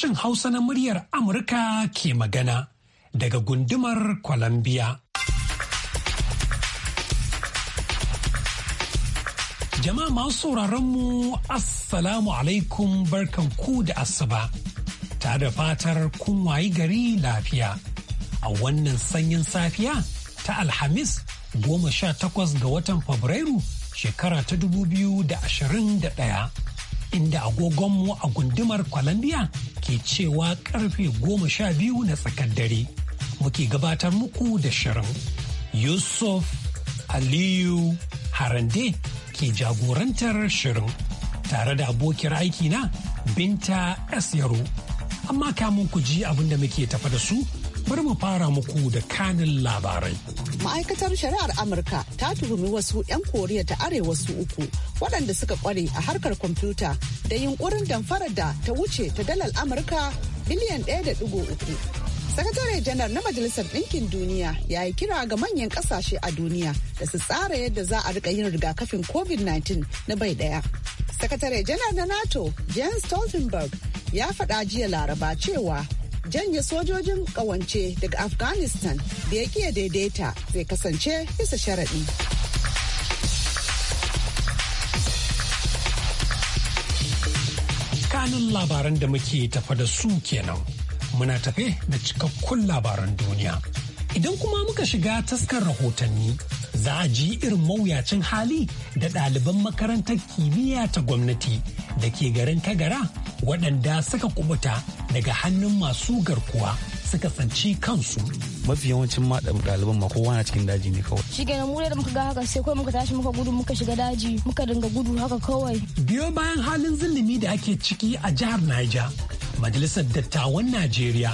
sashen Hausa na muryar Amurka ke magana daga gundumar Columbia. Jama'a masu mu Assalamu alaikum barkan ku da asuba, tare da fatar kun wayi gari lafiya. A wannan sanyin safiya ta Alhamis goma sha takwas ga watan Fabrairu shekara ta dubu biyu da ashirin da ɗaya, inda agogonmu a gundumar Colombia ke cewa karfe goma sha biyu na tsakar dare muke gabatar muku da shirin. Yusuf Aliyu Harande ke jagorantar shirin tare da abokin aiki na Binta S. Yaro. Amma kamun ku ji abin da muke tafa da su bari mu fara muku da kanin labarai. Ma'aikatar shari'ar Amurka ta tuhumi wasu 'yan Koriya ta Arewa su uku waɗanda suka ƙware a harkar kwamfuta da yunkurin damfarar da ta wuce ta dalar Amurka biliyan ɗaya da uku. Sakatare janar na Majalisar Ɗinkin Duniya ya yi kira ga manyan ƙasashe a duniya da su tsara yadda za a rika yin rigakafin COVID-19 na bai ɗaya. Sakatare janar na NATO Jens Stoltenberg ya faɗa jiya Laraba cewa janye sojojin kawance daga afghanistan da ya kiya daidaita zai kasance bisa sharaɗi kanun labaran da muke tafa da su kenan muna tafe da cikakkun labaran duniya idan kuma muka shiga taskar rahotanni za a ji irin mawuyacin hali da ɗaliban makarantar kimiyya ta gwamnati da ke garin kagara waɗanda suka kubuta daga hannun masu garkuwa suka tsanci kansu. mafi yawancin ma ɗaliban ma kowa na cikin daji ne kawai. shi kenan mu da muka ga haka sai kawai muka tashi muka gudu muka shiga daji muka dinga gudu haka kawai. biyo bayan halin zulumi da ake ciki a jihar Niger majalisar dattawan Najeriya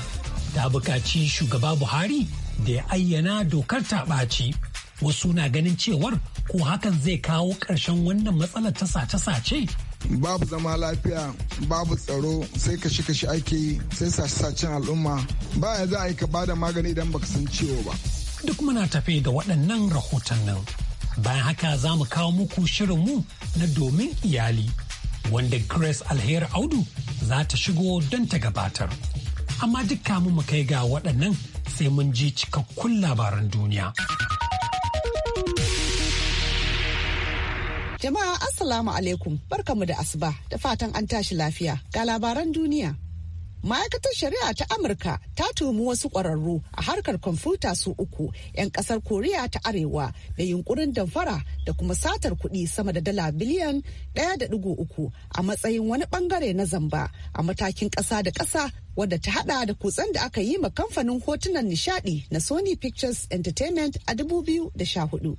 ta buƙaci shugaba Buhari da ya ayyana dokar taɓaci wasu na ganin cewar ko hakan zai kawo ƙarshen wannan matsalar ta sace-sace babu zama lafiya babu tsaro sai kashe kashe ake yi sai sace-sacen al'umma ba ya za a yi ka bada magani idan baka san cewa ba duk muna tafe da waɗannan rahoton nan bayan haka za mu kawo muku shirin mu na domin iyali wanda grace alheri audu za ta shigo don ta gabatar amma duk kamun mu kai ga waɗannan sai mun ji cikakkun labaran duniya. Jama'a Assalamu alaikum barkamu da asuba da fatan an tashi lafiya ga labaran duniya. Ma'aikatar Shari'a ta Amurka ta tuhumi wasu ƙwararru a harkar kwamfuta su uku 'yan ƙasar Koriya ta Arewa da yunkurin damfara da kuma satar kuɗi sama da dala biliyan ɗaya da uku a matsayin wani ɓangare na zamba a matakin ƙasa da ƙasa wadda ta hada da kutsen da aka yi ma kamfanin hotunan nishadi na Sony Pictures Entertainment a 2014.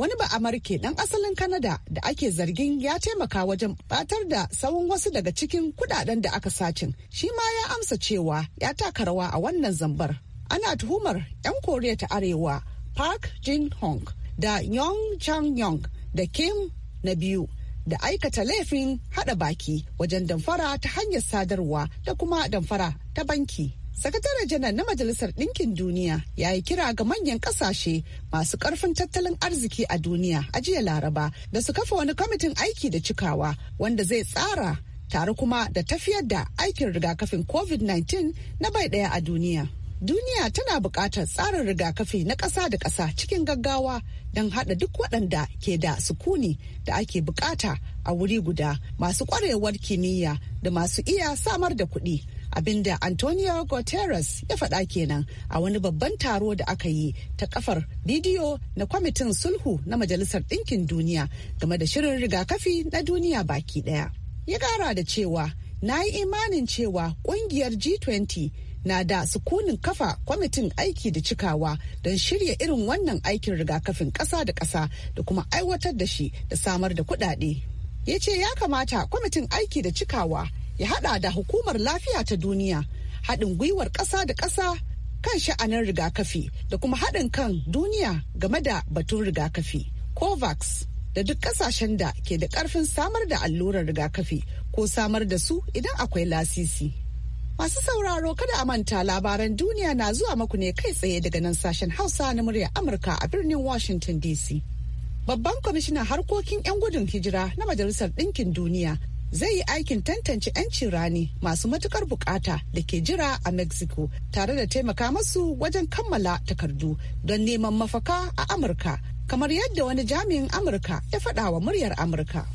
wani ba amurke dan asalin kanada da ake zargin ya taimaka wajen batar da tsawon wasu daga cikin kudaden da aka sacin shi ma ya amsa cewa ya taka rawa a wannan zambar ana tuhumar 'yan koriya ta arewa park jin hong da yong chang yong da kim na biyu da aikata laifin hada baki wajen damfara ta hanyar sadarwa da kuma damfara ta banki sakataren janar na majalisar ɗinkin duniya ya yi kira ga manyan ƙasashe masu ƙarfin tattalin arziki a duniya a jiya laraba da su kafa wani kwamitin aiki da cikawa wanda zai tsara tare kuma da tafiyar da aikin rigakafin covid-19 na bai ɗaya a duniya. duniya tana buƙatar tsarin rigakafi na ƙasa da ƙasa cikin gaggawa don haɗa duk waɗanda ke da sukuni da ake buƙata a wuri guda masu ƙwarewar kimiyya da masu iya samar da kuɗi abinda antonio guterres ya faɗa kenan a wani babban taro da aka yi ta kafar bidiyo na kwamitin sulhu na majalisar ɗinkin duniya game da shirin rigakafi na duniya baki ɗaya ya ƙara da cewa na yi imanin cewa ƙungiyar g20 na da sukunin kafa kwamitin aiki da cikawa don shirya irin wannan aikin rigakafin ƙasa da ƙasa da kuma aiwatar da shi da samar da kuɗaɗe. Ya ce ya kamata kwamitin aiki da cikawa ya haɗa da hukumar lafiya ta duniya haɗin gwiwar ƙasa da ƙasa kan sha'anin rigakafi da kuma haɗin kan duniya game da batun rigakafi. Covax da duk ƙasashen da ke da ƙarfin samar da allurar rigakafi ko samar da su idan akwai lasisi. Masu sauraro kada a manta labaran duniya na zuwa maku ne kai tsaye daga nan sashen Hausa na murya Amurka a birnin Washington DC. Babban kwamishinan harkokin 'yan gudun hijira na Majalisar Ɗinkin Duniya zai yi aikin tantance 'yancin rani masu matukar bukata da ke jira a mexico tare da taimaka masu wajen kammala takardu don neman mafaka a amurka kamar yadda wani jami'in amurka ya faɗa wa muryar amurka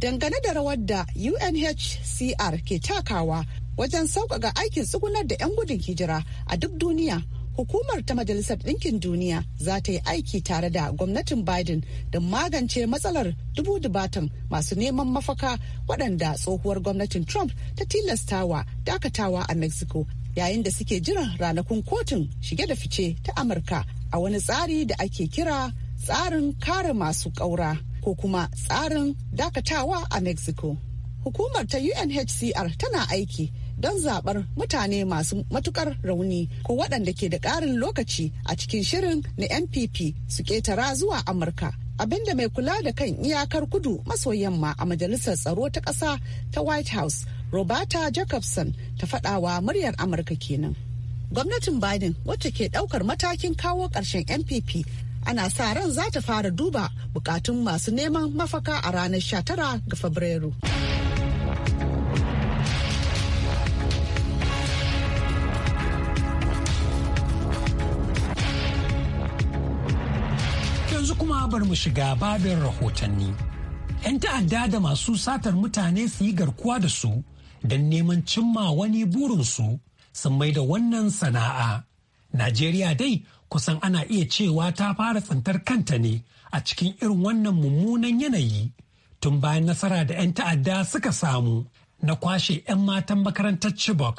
dangane da rawar da unhcr ke takawa wajen sauƙaƙa aikin tsugunar da 'yan gudun hijira a duk duniya hukumar ta majalisar ɗinkin duniya za ta yi aiki tare da gwamnatin biden da magance matsalar dubu dubatan masu neman mafaka waɗanda tsohuwar gwamnatin trump ta tilastawa dakatawa a mexico yayin da suke jiran ranakun kotun shige da fice ta amurka a wani tsari da ake kira tsarin kare masu ƙaura ko kuma tsarin dakatawa a mexico hukumar ta unhcr tana aiki don zaɓar mutane masu matukar rauni ko waɗanda ke da ƙarin lokaci a cikin shirin na npp su ƙetara zuwa amurka abinda mai kula da kan iyakar kudu maso yamma a majalisar tsaro ta ƙasa ta white house roberta jacobson ta faɗawa muryar amurka kenan gwamnatin biden wacce ke ɗaukar matakin kawo ƙarshen npp ana sa ran za ta fara duba bukatun masu neman mafaka a ranar 19 ga fabrairu. yanzu kuma bar mu shiga babin rahotanni. 'Yan ta'adda da masu satar mutane su yi garkuwa da su don neman cimma wani burinsu sun mai da wannan sana'a. Najeriya dai kusan ana iya cewa ta fara tsintar kanta ne a cikin irin wannan mummunan yanayi tun bayan nasara da 'yan ta'adda suka samu na kwashe 'yan matan makarantar Chibok.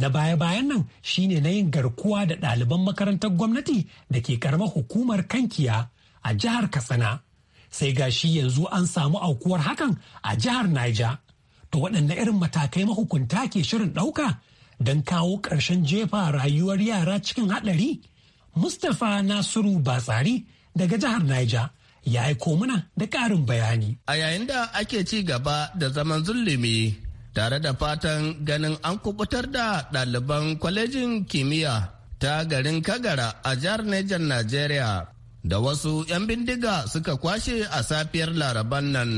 Na baya-bayan nan shine na yin garkuwa da ɗaliban makarantar gwamnati da ke karamar hukumar kankiya a jihar Katsina. Sai gashi yanzu an samu aukuwar hakan a jihar Niger. To waɗanne irin matakai mahukunta ke shirin ɗauka don kawo ƙarshen jefa rayuwar yara cikin haɗari? Mustapha Nasiru Batsari daga jihar Niger. ya aiko mana da ƙarin bayani. A yayin da ake ci gaba da zaman zulumi tare da fatan ganin an kubutar da ɗaliban kwalejin kimiyya ta garin Kagara a jihar Niger Najeriya da wasu 'yan bindiga suka kwashe a safiyar laraban nan.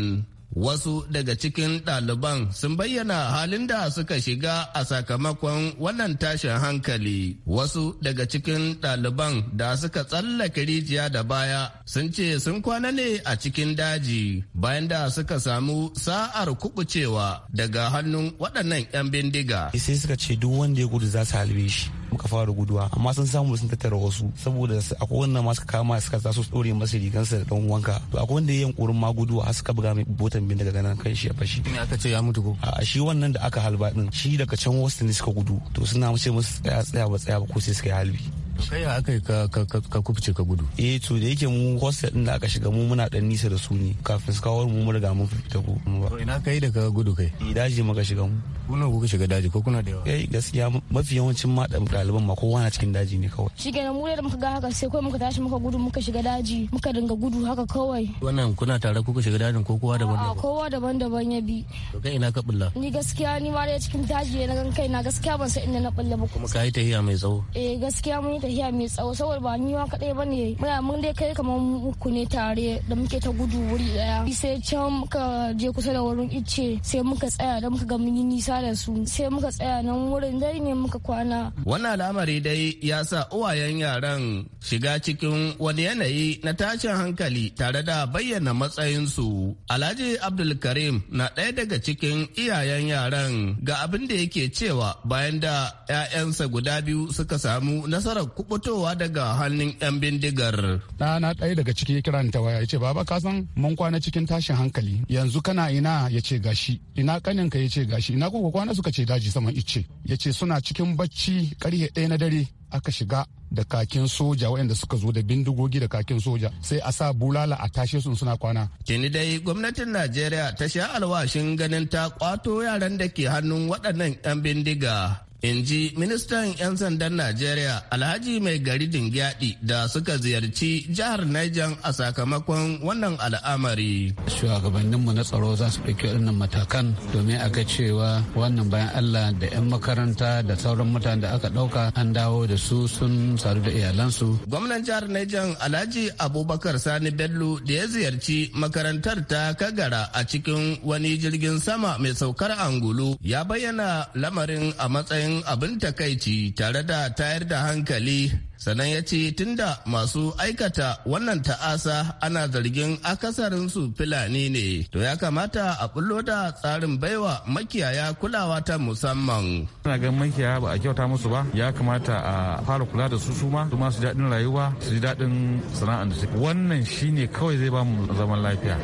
Wasu daga cikin ɗaliban sun bayyana halin da suka shiga a sakamakon wannan tashin hankali. Wasu daga cikin ɗaliban da suka tsallaka rijiya da baya sun ce sun kwana ne a cikin daji bayan da suka samu sa'ar kubucewa daga hannun waɗannan 'yan bindiga. Sai suka ce duk wanda ya gudu za su halbe shi. muka fara guduwa amma sun samu sun tattara wasu saboda akwai wannan ma suka kama suka za su dore masa rigansa da dan wanka to akwai wanda ya yayin kurin ma guduwa har suka buga mai botan bin daga ganan kan shi ya fashi ina aka ce ya mutu ko a shi wannan da aka halba din shi daga can wasu ne suka gudu to suna mace musu tsaya tsaya ba tsaya ba ko sai suka yi halbi kai ya aka ka kubce ka gudu eh to da yake mu hostel din da aka shiga mu muna dan nisa da su ne kafin su kawo mu riga mun fita ko to ina kai da ka gudu kai eh daji muka shiga mu kuna kuka shiga daji ko kuna da yawa eh gaskiya mafi yawancin ma ɗaliban ma kowa na cikin daji ne kawai shi kenan mu da muka ga haka sai kawai muka tashi muka gudu muka shiga daji muka dinga gudu haka kawai wannan kuna tare kuka shiga dajin ko kowa daban-daban kowa daban-daban ya bi to kai ina ka bulla ni gaskiya ni ma da cikin daji ne na gan kai na gaskiya ban san inda na bulla ba kuma kai tahiya mai tsawo eh gaskiya mun yi tafiya mai tsawo saboda ba ni ma kadai bane muna mun dai kai kamar muku ne tare da muke ta gudu wuri daya sai can muka je kusa da wurin ice sai muka tsaya da muka ga mun nisa da su sai muka tsaya nan wurin dai ne muka kwana wannan al'amari dai ya sa uwayen yaran shiga cikin wani yanayi na tashin hankali tare da bayyana matsayinsu alhaji abdulkarim na ɗaya daga cikin iyayen yaran ga abin da yake cewa bayan da 'ya'yansa guda biyu suka samu nasarar kubutowa daga hannun 'yan bindigar. Ɗana ɗaya daga ciki ya kira ta waya ya ce baba ka san mun kwana cikin tashin hankali yanzu kana ina ya ce gashi ina kanin ya ce gashi ina kuka kwana suka ce daji saman icce ya ce suna cikin bacci karhe ɗaya na dare aka shiga da kakin soja waɗanda suka zo da bindigogi da kakin soja sai a sa bulala a tashe sun suna kwana. Kini dai gwamnatin Najeriya ta sha alwashin ganin ta kwato yaran da ke hannun waɗannan 'yan bindiga in ji ministan 'yan sandan najeriya alhaji mai gari dingyadi da suka ziyarci jihar niger a sakamakon wannan al'amari shugabanninmu na tsaro za su ɗauki waɗannan matakan domin a cewa wannan bayan allah da 'yan makaranta da sauran mutane da aka ɗauka an dawo da su sun sadu da iyalansu gwamnan jihar niger alhaji abubakar sani bello da ya ziyarci makarantar ta kagara a cikin wani jirgin sama mai saukar angulu ya bayyana lamarin a matsayin cikin abin takaici tare da tayar da hankali sannan ya ce tunda masu aikata wannan ta'asa ana zargin akasarinsu fulani ne to ya kamata a bullo da tsarin baiwa makiyaya kulawa ta musamman ina ga makiyaya ba a kyauta musu ba ya kamata a fara kula da su su ma su masu daɗin rayuwa su ji daɗin sana'ar da su wannan shine kawai zai ba mu zaman lafiya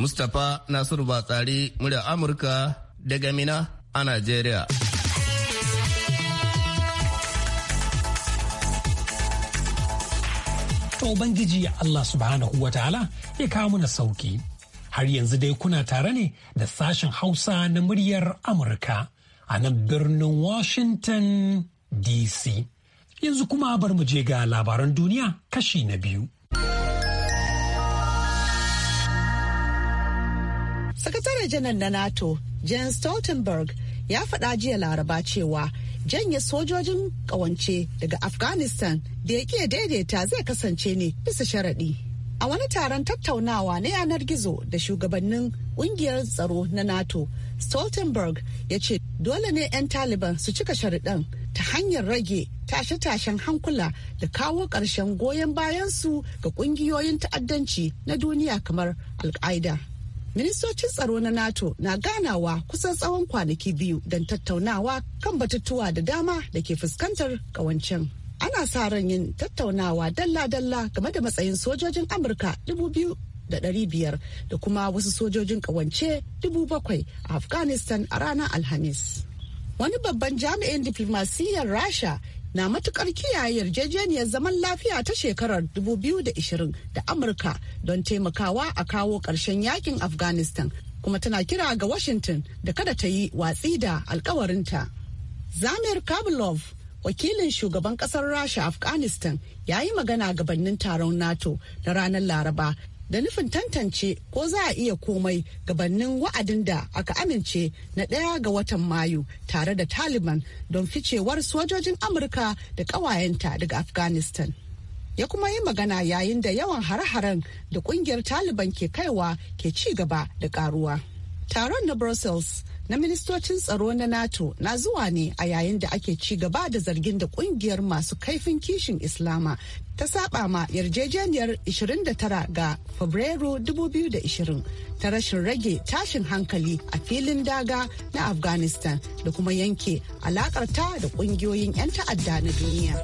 mustapha nasiru batsari murya amurka daga mina a nigeria. to ubangiji Allah subhanahu wa ta'ala ya kawo mana sauki har yanzu dai kuna tare ne da sashen hausa na muryar amurka a nan birnin washington dc yanzu kuma bar mu je ga labaran duniya kashi na biyu sakataren janar na nato jens stoltenberg ya faɗa jiya laraba cewa janye sojojin kawance daga afghanistan da ya daidaita zai kasance ne bisa sharaɗi a wani taron tattaunawa na yanar gizo da shugabannin ƙungiyar tsaro na nato stoltenberg ya ce dole ne 'yan taliban su cika sharaɗin ta hanyar rage tashe-tashen hankula da kawo ƙarshen goyon bayansu ga ƙungiyoyin ta'addanci na duniya kamar al ministocin tsaro na nato na ganawa kusan tsawon kwanaki biyu don tattaunawa kan batutuwa da dama da ke fuskantar kawancin ana sa ran yin tattaunawa dalla-dalla game da matsayin sojojin amurka biyar da kuma wasu sojojin kawance bakwai a afghanistan a ranar alhamis wani babban jami'in diflomasiyyar rasha na matukar kiyaye yarjejeniyar zaman lafiya ta shekarar 2020 da amurka don taimakawa a kawo ƙarshen yakin afghanistan kuma tana kira ga washington da kada ta yi watsi da alkawarinta zamir kabulov wakilin shugaban kasar rasha afghanistan ya yi magana gabanin taron nato na ranar laraba da nufin tantance ko za a iya komai gabanin wa'adin da aka amince na ɗaya ga watan mayu tare da taliban don ficewar sojojin amurka da ƙawayenta daga afghanistan ya kuma yi magana yayin da yawan hare-haren da ƙungiyar taliban ke kaiwa ke ci gaba da ƙaruwa. taron na brussels na ministocin tsaro na NATO na zuwa ne a yayin da ake ci gaba da zargin da kungiyar masu kaifin kishin Islama ta saba ma yarjejeniyar 29 ga Fabrairu 2020 ta rashin rage tashin hankali a filin daga na Afghanistan da kuma yanke alakarta da kungiyoyin 'yan ta'adda na duniya.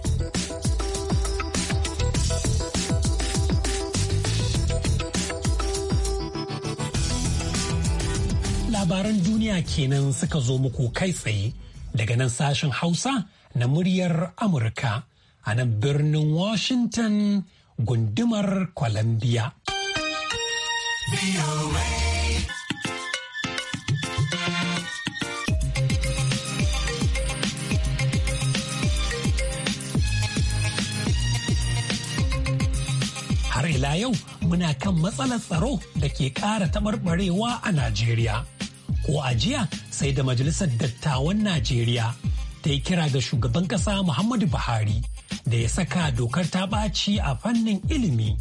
Labaran duniya kenan suka zo muku kai tsaye daga nan sashen Hausa na muryar Amurka a nan birnin Washington gundumar Columbia. Har ila yau muna kan matsalar tsaro da ke ƙara taɓarɓarewa a Najeriya. ko a jiya sai da majalisar dattawan najeriya ta yi kira ga shugaban kasa muhammadu buhari da ya saka dokar ta ɓaci a fannin ilimi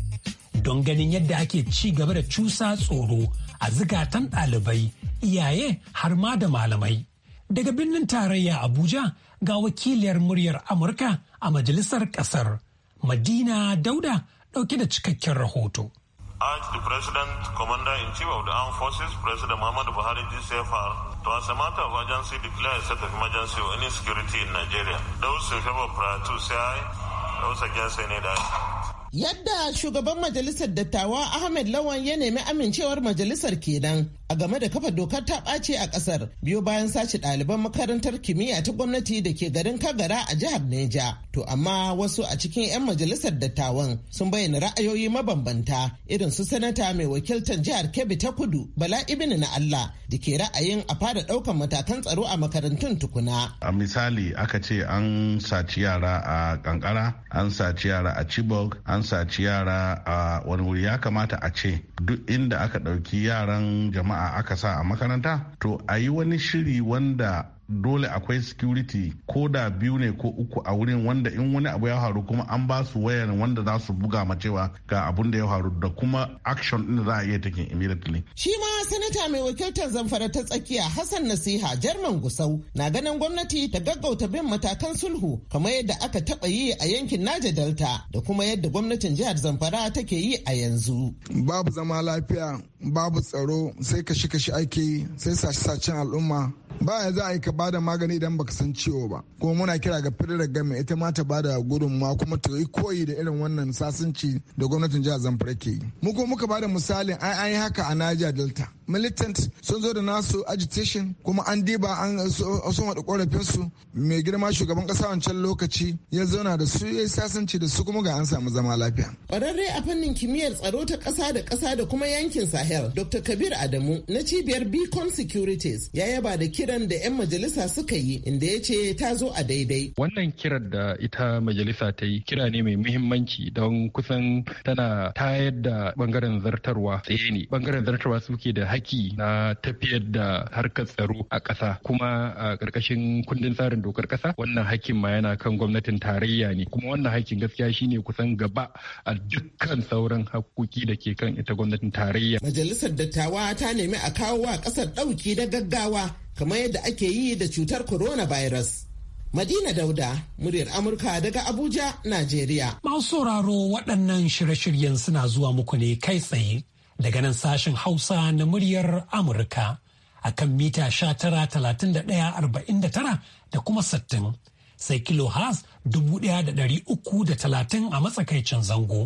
don ganin yadda ake ci gaba da cusa tsoro a zigatan ɗalibai iyaye har ma da malamai daga birnin tarayya abuja ga wakiliyar muryar amurka a majalisar ƙasar madina dauda ɗauke da cikakken rahoto urged the President, Commander-in-Chief of the Armed Forces, President Muhammad Buhari GCFR, to as a matter of urgency declare a state of emergency or security in Nigeria. Those in favor of prior to say those against any die. Yadda shugaban majalisar dattawa Ahmed Lawan ya nemi amincewar majalisar kenan a game da kafa dokar ta ɓace a ƙasar biyo bayan sace ɗaliban makarantar kimiyya ta gwamnati da ke garin Kagara a jihar Neja. To amma wasu a cikin 'yan majalisar dattawan sun bayyana ra'ayoyi mabambanta irin su sanata mai wakiltar jihar Kebbi ta Kudu Bala ibini na Allah da ke ra'ayin a fara ɗaukan matakan tsaro a makarantun tukuna. A misali aka ce an saci yara a kankara, an saci yara a Chibok, an saci yara a wani wuri ya kamata a ce duk inda aka ɗauki yaran jama'a jama'a aka sa a makaranta to a yi wani shiri wanda dole akwai security ko da biyu ne ko uku a wurin wanda in wani abu ya faru kuma an ba su wayar wanda za su buga macewa ga abun da ya faru da kuma action din za a iya take immediately. Shi ma sanata mai wakiltar zamfara ta tsakiya Hassan Nasiha Jarman Gusau na ganin gwamnati ta gaggauta bin matakan sulhu kamar yadda aka taba yi a yankin Naja Delta da kuma yadda gwamnatin jihar Zamfara take yi a yanzu. Babu zama lafiya, babu tsaro, sai kashi-kashi ake sai sace-sacen al'umma ba ya za a yi ka bada magani idan baka san ciwo ba kuma muna kira ga da game ita ma ta bada gudunmawa kuma ta yi koyi da irin wannan sasanci da gwamnatin jihar zamfara ke yi mu ko muka bada misalin an yi haka a niger delta militant sun zo da nasu agitation kuma an diba an sun wada korafin su mai girma shugaban kasa wancan lokaci ya zauna da su ya sasance da su kuma ga an samu zama lafiya kwararre a fannin kimiyyar tsaro ta kasa da kasa da kuma yankin sahel dr kabir adamu na cibiyar beacon securities ya yaba da kiran da 'yan majalisa suka yi inda ya ce ta zo a daidai wannan kiran da ita majalisa ta yi kira ne mai muhimmanci don kusan tana tayar da bangaren zartarwa tsaye ne bangaren zartarwa suke da alhaki na tafiyar da harkar tsaro a ƙasa kuma a ƙarƙashin kundin tsarin dokar ƙasa wannan hakkin ma yana kan gwamnatin tarayya ne kuma wannan hakkin gaskiya shine kusan gaba a dukkan sauran hakkoki da ke kan ita gwamnatin tarayya. Majalisar dattawa ta nemi a kawo wa ƙasar ɗauki da gaggawa kamar yadda ake yi da cutar corona virus. Madina Dauda, muryar Amurka daga Abuja, Najeriya. Masu sauraro waɗannan shirye-shiryen suna zuwa muku ne kai tsaye daga nan sashen Hausa na muryar Amurka a kan mita 19,31,49 da kuma 60 sai da 1,330 a matsakaicin zango.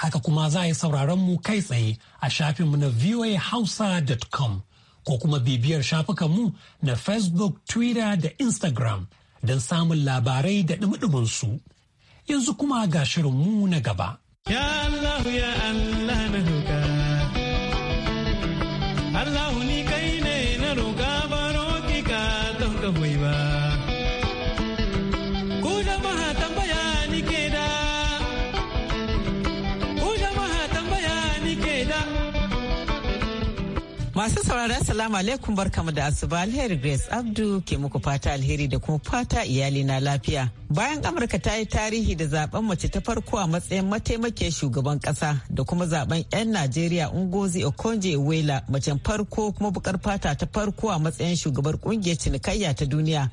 Haka kuma za a yi sauraron mu kai tsaye a shafinmu na voahausa.com ko kuma bibiyar shafukanmu na Facebook, Twitter da Instagram don samun labarai da su Yanzu kuma ga shirinmu na gaba. Ya Allah ya Allah na Allah ni Masu saurara salamu alaikum barkamu da asuba alheri Grace Abdu ke muku fata alheri da kuma fata iyali na lafiya. Bayan Amurka ta yi tarihi da zaben mace ta farko a matsayin mataimake shugaban kasa da kuma zaben 'yan Najeriya Ngozi Okonje wela macen farko kuma bukar fata ta farko a matsayin shugabar kungiyar cinikayya ta duniya.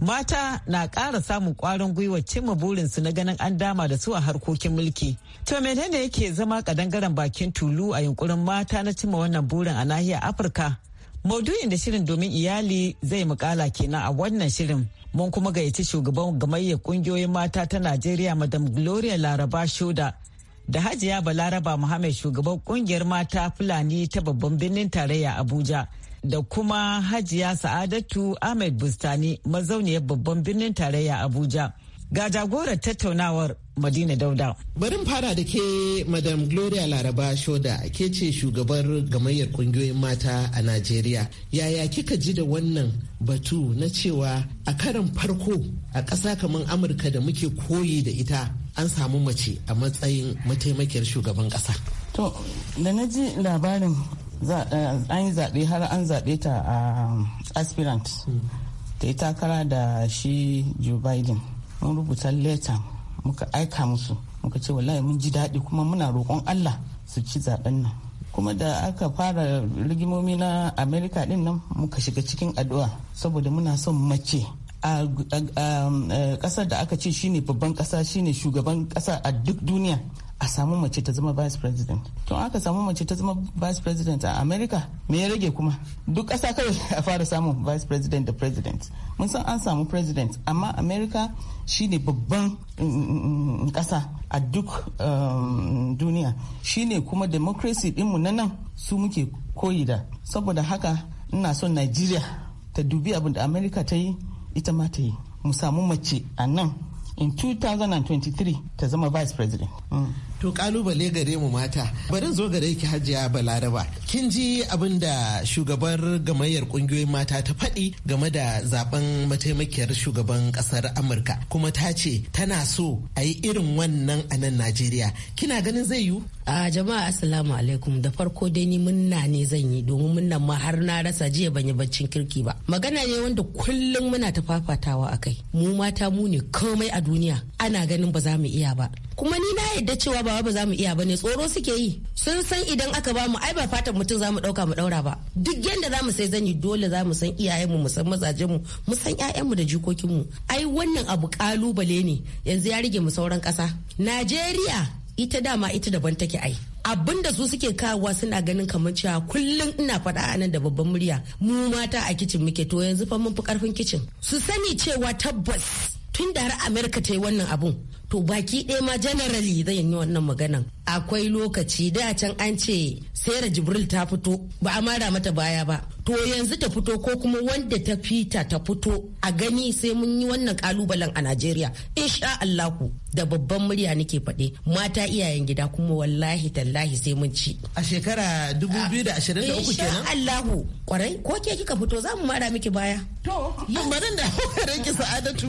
mata na ƙara samun ƙwarin gwiwa cimma burinsu na ganin an dama da su a harkokin mulki. To menene yake zama kadangaren bakin tulu a yunkurin mata na cimma wannan burin a nahiyar Afirka? Maudu'in da shirin domin iyali zai mukala kenan a wannan shirin. Mun kuma gayyaci shugaban gamayyar kungiyoyin mata ta Najeriya Madam Gloria Laraba Shoda da Hajiya Balaraba Muhammad shugaban kungiyar mata Fulani ta babban birnin tarayya Abuja. da kuma Hajiya Sa'adatu Ahmed Bustani mazauniyar babban birnin tarayya Abuja. Ga jagorar tattaunawar Madina Dauda. Barin fara da ke Madam Gloria Laraba Shoda ke ce shugabar gamayyar kungiyoyin mata a Najeriya. Yaya kika ji da wannan batu na cewa a karan farko a ƙasa kamar Amurka da muke koyi da ita an samu mace a matsayin mataimakiyar shugaban ƙasa. To, da na ji labarin Eh, an yi zaɓe har an zaɓe ta a um, aspirant ta yi takara da shi joe biden mun rubuta leta muka aika musu muka ce wallahi mun ji daɗi kuma muna roƙon allah su ci zaɓen nan kuma da aka fara rigimomi na america din nan muka shiga cikin addu'a saboda muna son mace a um, eh, ƙasar da aka ce shine babban ƙasa shine shugaban ƙasa a duk duniya a samu mace ta zama vice president to aka samu mace ta zama vice president a america me ya rage kuma duk ƙasa kawai a fara samun vice president da president mun san an samu president amma america shine babban mm, mm, mm, ƙasa a duk um, duniya shine kuma democracy dinmu na nan su muke koyi da saboda haka ina son nigeria ta dubi abin da america ta yi ita ma ta yi mu samu mace a nan in 2023 ta zama vice president to kalubale gare mu mata bari zo gare ki hajiya balaraba kin ji abin da shugabar gamayyar kungiyoyin mata ta faɗi game da zaben mataimakiyar shugaban ƙasar amurka kuma ta ce tana so a yi irin wannan a nan najeriya kina ganin zai yiwu a jama'a assalamu alaikum da farko dai ni munna ne zan yi domin munna ma har na rasa jiya ban yi baccin kirki ba magana ne wanda kullum muna ta fafatawa akai mu mata mu ne komai a duniya ana ganin ba za mu iya ba kuma ni na yadda cewa ba ba za mu iya bane tsoro suke yi sun san idan aka bamu mu ai ba fatan mutum za mu dauka mu daura ba duk yadda za mu sai zani dole za mu san iyayenmu mu san mazajenmu mu san ƴaƴanmu da jikokinmu ai wannan abu kalubale ne yanzu ya rige mu sauran kasa Najeriya ita dama ita daban take ai abin da su suke kawowa suna ganin kamar cewa kullum ina faɗa a nan da babban murya mu mata a kicin muke to yanzu fa mun fi karfin kicin su sani cewa tabbas tun da har amerika ta yi wannan abun to baki ɗaya ma generally zan yi wannan maganan akwai lokaci da can an ce sayar jibril ta fito ba a mara mata baya ba to yanzu ta fito ko kuma wanda ta fita ta fito a gani sai mun yi wannan kalubalen a najeriya insha allahu da babban murya nake faɗe mata iyayen gida kuma wallahi tallahi sai mun ci a shekara 2023 kenan allahu kwarai ko ke kika fito za mu mara miki baya to yin da kuka sa'adatu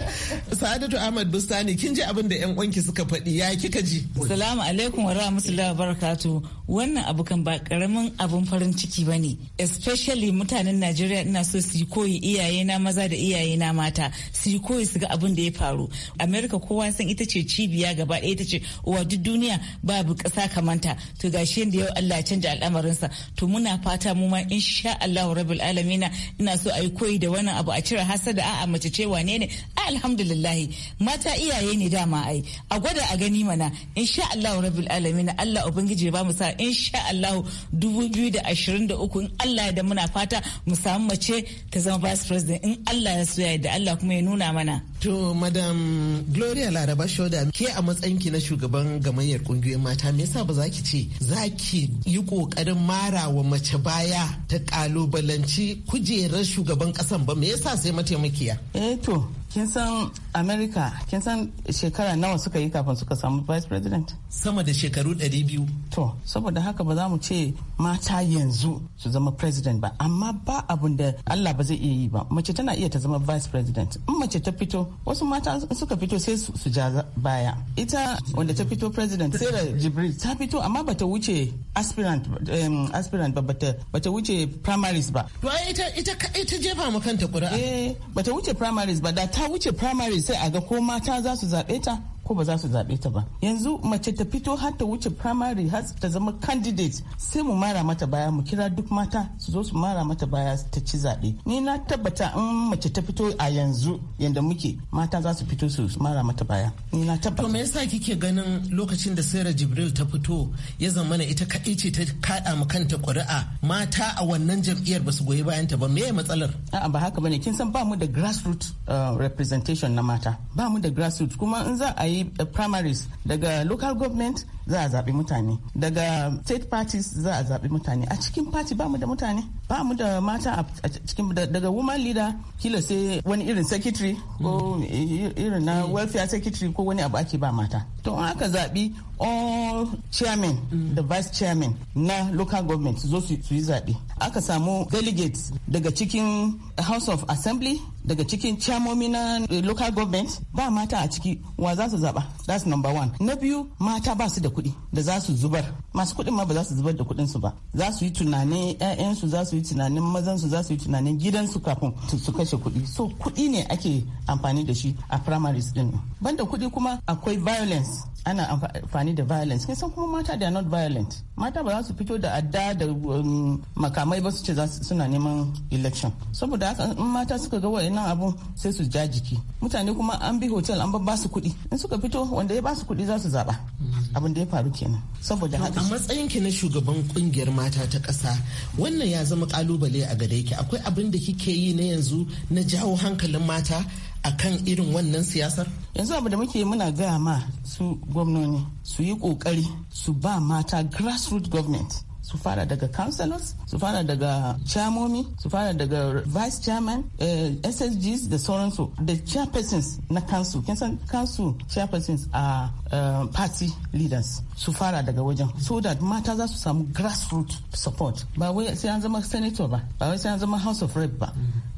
sa'adatu ahmad bustani ne kin ji abin da yan uwanki suka faɗi ya kika ji assalamu alaikum wa rahmatullahi wa barakatuh wannan abu kan ba karamin abun farin ciki bane especially mutanen Najeriya ina so su koyi iyayena maza da iyayena mata su koyi su ga abin da ya faru America kowa san ita ce cibiya gaba ɗaya ita ce uwa duk duniya babu ƙasa kamanta to gashi yanda yau Allah ya canja sa. to muna fata mu ma insha Allah rabbul alamina ina so a yi koyi da wannan abu a cire hasada a'a mace ce wane ne alhamdulillah mata iyaye iyaye ne dama ai a gwada a gani mana insha Allah rabbil alamin Allah ubangiji ya ba mu sa insha Allah 2023 in Allah ya da muna fata mu samu mace ta zama vice president in Allah ya so ya da Allah kuma ya nuna mana to madam Gloria Laraba Shoda ke a matsayin ki na shugaban gamayyar kungiyoyin mata me yasa ba za ki ce za ki yi kokarin wa mace baya ta kalubalanci kujerar shugaban kasan ba me yasa sai mataimakiya eh to kin san america kin san shekara nawa suka yi kafin suka samu vice president sama da shekaru 200 to saboda haka ba za mu ce mata yanzu su zama president ba amma ba abun da allah ba zai iya yi ba mace tana iya ta zama vice president in mace ta fito wasu mata suka fito sai su ja baya ita wanda ta fito president sarah jibril ta fito amma ba ta wuce aspirant aspirant ba ta wuce primaries ba to ita ita jefa ma kanta ƙuri'a eh, Ba ta wuce primaries ba da ta ta wuce primary sai a ga ko mata za su zaɓe ta ko ba za su zaɓe ta ba yanzu mace ta fito har ta wuce primary har ta zama candidate sai mu mara mata baya mu kira duk mata su zo su mara mata baya ta ci zaɓe ni na tabbata in mace ta fito a yanzu yanda muke mata za su fito su mara mata baya ni na tabbata to me yasa kike ganin lokacin da Sarah Jibril ta fito ya zama na ita kaɗai ce ta kaɗa ma kanta ƙuri'a mata a wannan jam'iyyar ba su goyi bayan ta ba me matsalar a'a ba haka bane kin san ba mu da grassroots uh, representation na mata ba mu da grassroots kuma in za a yi Uh, primaries daga local government za a zaɓi mutane daga state parties za a zaɓi mutane a cikin party ba mu da mutane ba mu da mata a cikin daga woman leader kila sai wani irin secretary ko irin na mm. welfare secretary ko wani abu ake ba mata to an aka zaɓi all chairman mm. da vice chairman na local government zo su yi zaɓe aka samu delegates daga cikin house of assembly daga cikin chairmomi na eh, local government ba mata a ciki wa za su zaɓa that's number one na biyu mata ba su da kuɗi da za su zubar masu kuɗin ma ba za su zubar da kuɗin su ba za su yi tunanin su za su yi tunanin mazan su za su yi tunanin gidansu kafin su kashe kuɗi so kuɗi ne ake amfani da shi a primaries din banda kuɗi kuma akwai violence ana amfani da violence kin san kuma mata da not violent mata ba za su fito da adda da um, makamai ba su ce suna neman election saboda haka in mata suka ga wayannan abun sai su ja jiki mutane kuma an bi hotel an ba su kuɗi in suka fito wanda ya ba su kuɗi za su zaɓa abin da ya faru kenan saboda a matsayin ki na shugaban kungiyar mata ta kasa wannan ya zama kalubale a gare ki akwai abin da kike yi na yanzu na jawo hankalin mata akan irin wannan siyasar yanzu abu da muke muna gaya ma su gwamnoni su yi kokari su ba mata grassroots government su fara daga councillors su fara daga chairmomi su fara daga vice chairman eh, ssgs da sauransu da chairpersons na council kin san kansu chairpersons a eh, party leaders su fara daga wajen so that mata za su samu grassroots support ba wai sai an zama senator ba ba wai sai an zama house of rep ba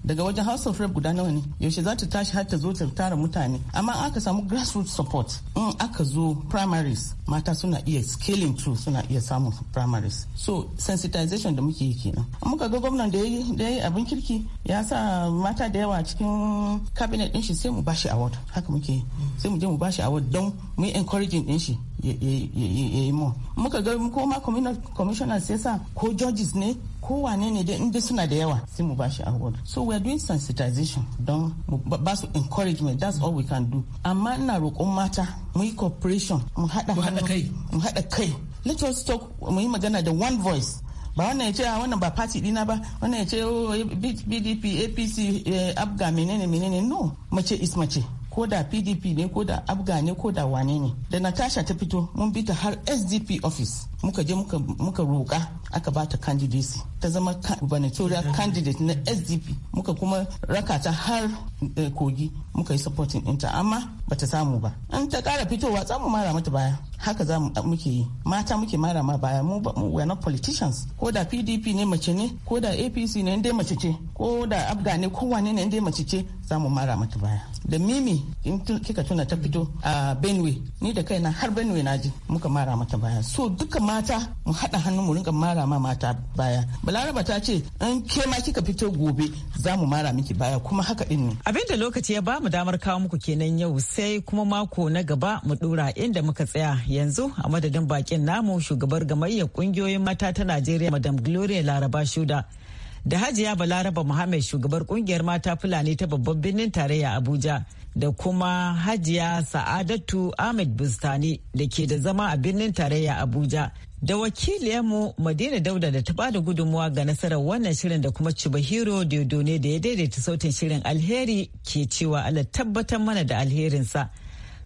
daga wajen house of rep guda nawa ne yaushe za ta tashi har ta zo ta tara mutane amma aka samu grassroots support in aka zo primaries mata suna iya scaling through suna iya samun primaries so sensitization da muke yi kenan muka ga gwamnan da ya yi abin kirki ya sa mata da yawa cikin cabinet din shi sai mu bashi award haka muke sai mu je mu bashi award don mu encouraging din shi ya yi mu muka ga mu koma commissioner sai sa ko judges ne kowane ne dai inda suna da yawa sai mu bashi award so we are doing sensitization don basu ba su encouragement that's all we can do amma ina roƙon mata mu yi cooperation mu haɗa kai mu haɗa kai let us talk mu yi magana da one voice ba wannan ya ce a ah, wannan ba party dina ba wannan ya ce oh, bdp apc eh, abga menene menene no mace is mace ko da pdp ne ko da abga ne ko da wane ne da natasha ta fito mun bi ta har sdp office muka je muka, muka roƙa aka ba ta candidacy ta zama gubernatorial candidate na sdp muka kuma raka ta har eh, kogi muka yi supporting inta amma bata samu ba An ta kara fitowa za mu mara mata baya haka za muke yi mata muke mara ma baya mu we not politicians ko da pdp ne mace ne ko da apc ne inda mace ce ko da abga ne ko wane ne inda mace ce samu mara mata baya da mimi in kika tuna ta fito a benue ni da kaina har benue na ji muka mara mata baya so duka mata mu haɗa hannu mu rinka mara ma mata baya balaraba ta ce in ke ma kika fito gobe za mu mara miki baya kuma haka din ne abin da lokaci ya ba mu damar kawo muku kenan yau sai kuma mako na gaba mu dora inda muka tsaya yanzu a madadin bakin namu shugabar gamayyar kungiyoyin mata ta najeriya madam gloria laraba shuda da hajiya balaraba muhammad shugabar kungiyar mata fulani ta babban birnin tarayya abuja da kuma hajiya sa'adatu ahmed bustani da ke da zama a birnin tarayya abuja da wakiliyarmu madina dauda da ta bada gudunmuwa ga nasarar wannan shirin da kuma chibahiro diodone da ya daidaita sautin shirin alheri ke cewa ala tabbatar mana da alherinsa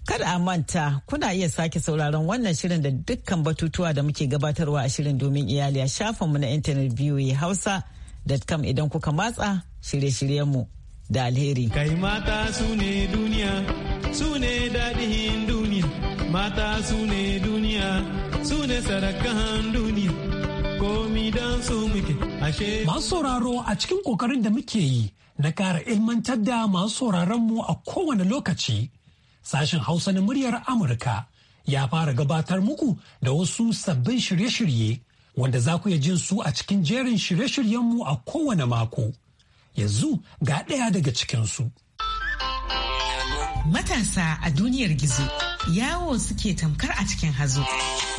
kada a manta kuna iya sake sauraron wannan shirin da dukkan batutuwa da muke gabatarwa a shirin domin iyali a shafinmu na intanet biyu hausa hausa.com idan kuka matsa shirye-shiryenmu da alheri. Kai mata su ne duniya, su ne daɗin duniya, mata su ne duniya, su ne sarakan duniya. Komi don su muke ashe. Masu sauraro a cikin kokarin da muke yi na ƙara ilmantar da masu sauraronmu a kowane lokaci. Sashen Hausa na muryar Amurka ya fara gabatar muku da wasu sabbin shirye-shirye wanda za ku iya jin su a cikin jerin shirye-shiryenmu a kowane mako. Yanzu ga ɗaya daga cikinsu. Matasa a duniyar gizo, yawo suke tamkar a cikin hazo.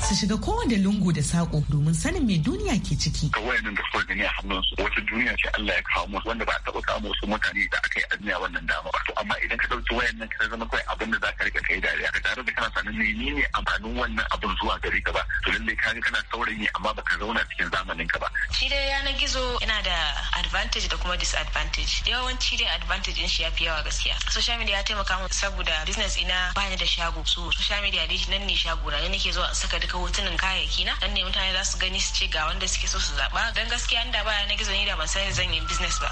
su shiga kowane lungu da sako domin sanin me duniya ke ciki. Ka wayannan da suka gani a hannunsu wata duniya ce Allah ya kawo musu wanda ba a taɓa kawo musu mutane da aka yi a wannan dama ba. To amma idan ka ɗauki wayannan ka zama kawai abin da za ka rika kai dariya ka tare da kana sanin menene amfanin wannan abin zuwa gare ka ba. To lallai ka ga kana saurayi amma baka zauna cikin zamanin ka ba. Shi dai yanar gizo yana da advantage da kuma disadvantage. Yawanci dai advantage in shi ya fi yawa gaskiya. Social media ya taimaka mu saboda business ina bani da shago. So social media dai nan ne shago na ne nake zuwa saka duka saka hotunan kayayyaki na dan ne mutane za su gani su ce ga wanda suke so su zaba dan gaskiya inda ba na gizo ni da ban sani zan yi business ba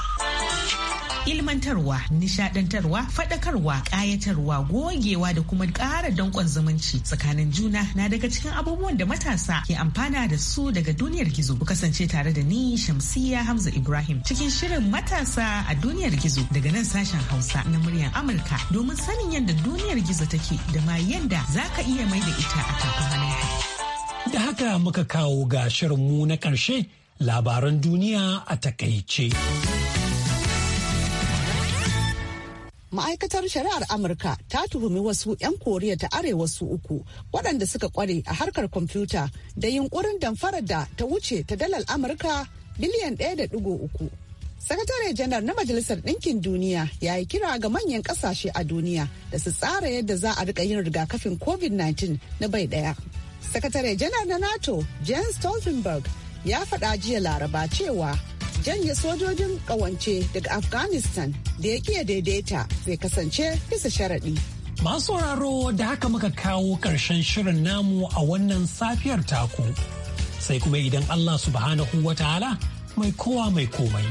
ilmantarwa nishadantarwa fadakarwa kayatarwa gogewa da kuma ƙara dankon zumunci tsakanin juna na daga cikin abubuwan da matasa ke amfana da su daga duniyar gizo ku kasance tare da ni shamsiya hamza ibrahim cikin shirin matasa a duniyar gizo daga nan sashen hausa na muryar amurka domin sanin yadda duniyar gizo take da ma yadda za ka iya mai da ita a kafin hannunka. Da haka muka kawo ga shirinmu na ƙarshe labaran duniya a takaice. Ma'aikatar Shari'ar Amurka ta tuhumi wasu 'yan Koriya ta Arewa su uku waɗanda suka ƙware a harkar kwamfuta da yunkurin damfarar da ta wuce ta dalar Amurka biliyan ɗaya da ɗigo uku. sakatare janar na majalisar ɗinkin duniya ya yi kira ga manyan ƙasashe a duniya da su tsara yadda za a riƙa yin rigakafin covid-19 na bai ɗaya sakatare janar na nato jens stoltenberg ya faɗa jiya laraba cewa janye sojojin ƙawance daga afghanistan da ya kiya daidaita zai kasance bisa sharaɗi masu sauraro da haka muka kawo ƙarshen shirin namu a wannan safiyar taku sai kuma idan allah subhanahu wa ta'ala mai kowa mai komai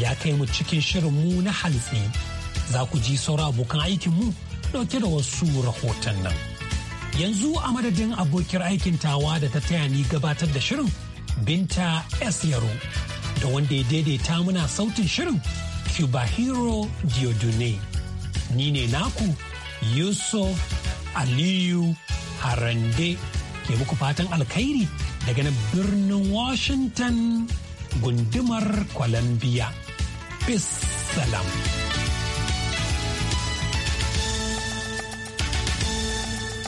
ya kai mu cikin shirin mu na hantsi za ku ji saura abokan aikinmu ɗauke da wasu rahoton nan. Yanzu a madadin abokiyar aikin tawa da ta taya ni gabatar da shirin Binta S. Yaro da wanda ya daidaita muna sautin shirin Cuba Hero Diodune. Ni ne naku Yusuf Aliyu Harande ke muku fatan alkhairi daga na birnin Washington gundumar Columbia. Peace salam.